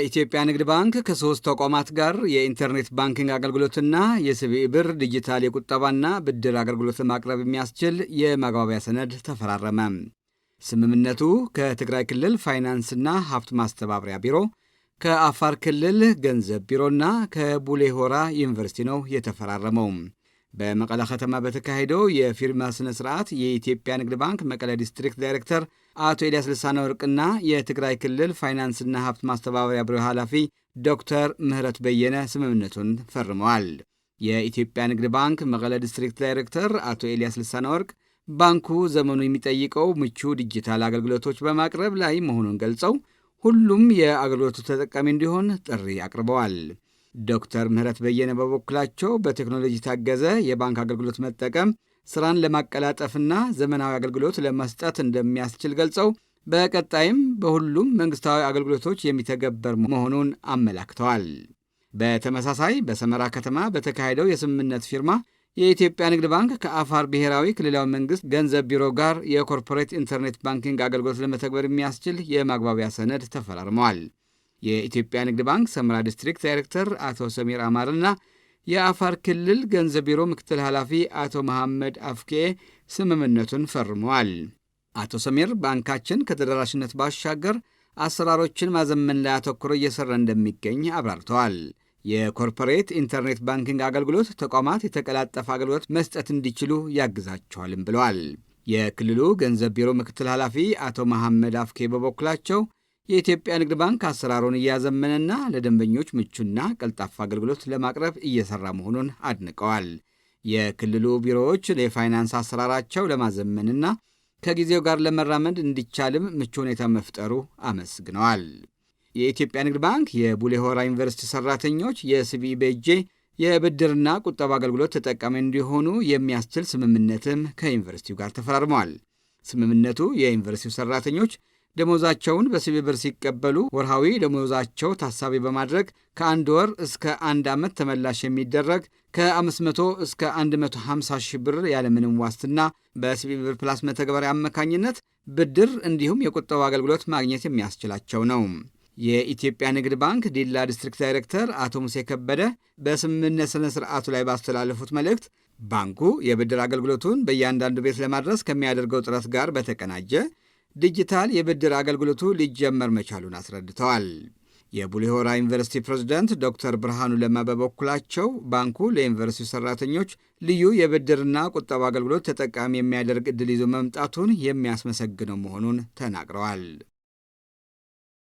የኢትዮጵያ ንግድ ባንክ ከሶስት ተቋማት ጋር የኢንተርኔት ባንኪንግ አገልግሎትና የሲቢኢ ብር ዲጂታል የቁጠባና ብድር አገልግሎት ለማቅረብ የሚያስችል የመግባቢያ ሰነድ ተፈራረመ። ስምምነቱ ከትግራይ ክልል ፋይናንስና ሀብት ማስተባበሪያ ቢሮ፣ ከአፋር ክልል ገንዘብ ቢሮና ከቡሌሆራ ዩኒቨርሲቲ ነው የተፈራረመው። በመቀለ ከተማ በተካሄደው የፊርማ ስነ ስርዓት የኢትዮጵያ ንግድ ባንክ መቀለ ዲስትሪክት ዳይሬክተር አቶ ኤልያስ ልሳነ ወርቅና የትግራይ ክልል ፋይናንስና ሀብት ማስተባበሪያ ቢሮ ኃላፊ ዶክተር ምህረት በየነ ስምምነቱን ፈርመዋል። የኢትዮጵያ ንግድ ባንክ መቀለ ዲስትሪክት ዳይሬክተር አቶ ኤልያስ ልሳነ ወርቅ ባንኩ ዘመኑ የሚጠይቀው ምቹ ዲጂታል አገልግሎቶች በማቅረብ ላይ መሆኑን ገልጸው ሁሉም የአገልግሎቱ ተጠቃሚ እንዲሆን ጥሪ አቅርበዋል። ዶክተር ምህረት በየነ በበኩላቸው በቴክኖሎጂ ታገዘ የባንክ አገልግሎት መጠቀም ስራን ለማቀላጠፍና ዘመናዊ አገልግሎት ለመስጠት እንደሚያስችል ገልጸው በቀጣይም በሁሉም መንግስታዊ አገልግሎቶች የሚተገበር መሆኑን አመላክተዋል። በተመሳሳይ በሰመራ ከተማ በተካሄደው የስምምነት ፊርማ የኢትዮጵያ ንግድ ባንክ ከአፋር ብሔራዊ ክልላዊ መንግስት ገንዘብ ቢሮ ጋር የኮርፖሬት ኢንተርኔት ባንኪንግ አገልግሎት ለመተግበር የሚያስችል የማግባቢያ ሰነድ ተፈራርመዋል። የኢትዮጵያ ንግድ ባንክ ሰመራ ዲስትሪክት ዳይሬክተር አቶ ሰሚር አማርና የአፋር ክልል ገንዘብ ቢሮ ምክትል ኃላፊ አቶ መሐመድ አፍኬ ስምምነቱን ፈርመዋል። አቶ ሰሚር ባንካችን ከተደራሽነት ባሻገር አሰራሮችን ማዘመን ላይ አተኩሮ እየሰራ እንደሚገኝ አብራርተዋል። የኮርፖሬት ኢንተርኔት ባንኪንግ አገልግሎት ተቋማት የተቀላጠፈ አገልግሎት መስጠት እንዲችሉ ያግዛቸዋልም ብለዋል። የክልሉ ገንዘብ ቢሮ ምክትል ኃላፊ አቶ መሐመድ አፍኬ በበኩላቸው የኢትዮጵያ ንግድ ባንክ አሰራሩን እያዘመነና ለደንበኞች ምቹና ቀልጣፋ አገልግሎት ለማቅረብ እየሰራ መሆኑን አድንቀዋል። የክልሉ ቢሮዎች የፋይናንስ አሰራራቸው ለማዘመንና ከጊዜው ጋር ለመራመድ እንዲቻልም ምቹ ሁኔታ መፍጠሩ አመስግነዋል። የኢትዮጵያ ንግድ ባንክ የቡሌሆራ ዩኒቨርሲቲ ሰራተኞች የስቢ በጄ የብድርና ቁጠባ አገልግሎት ተጠቃሚ እንዲሆኑ የሚያስችል ስምምነትም ከዩኒቨርሲቲው ጋር ተፈራርመዋል። ስምምነቱ የዩኒቨርሲቲው ሰራተኞች ደሞዛቸውን በሲቢ ብር ሲቀበሉ ወርሃዊ ደሞዛቸው ታሳቢ በማድረግ ከአንድ ወር እስከ አንድ ዓመት ተመላሽ የሚደረግ ከ500 እስከ 150 ሺህ ብር ያለምንም ዋስትና በሲቢ ብር ፕላስ መተግበሪያ አማካኝነት ብድር እንዲሁም የቁጠባ አገልግሎት ማግኘት የሚያስችላቸው ነው። የኢትዮጵያ ንግድ ባንክ ዲላ ዲስትሪክት ዳይሬክተር አቶ ሙሴ ከበደ በስምምነት ስነ ስርዓቱ ላይ ባስተላለፉት መልእክት ባንኩ የብድር አገልግሎቱን በእያንዳንዱ ቤት ለማድረስ ከሚያደርገው ጥረት ጋር በተቀናጀ ዲጂታል የብድር አገልግሎቱ ሊጀመር መቻሉን አስረድተዋል። የቡሌሆራ ዩኒቨርሲቲ ፕሬዝዳንት ዶክተር ብርሃኑ ለማ በበኩላቸው ባንኩ ለዩኒቨርሲቲ ሰራተኞች ልዩ የብድርና ቁጠባ አገልግሎት ተጠቃሚ የሚያደርግ ዕድል ይዞ መምጣቱን የሚያስመሰግነው መሆኑን ተናግረዋል።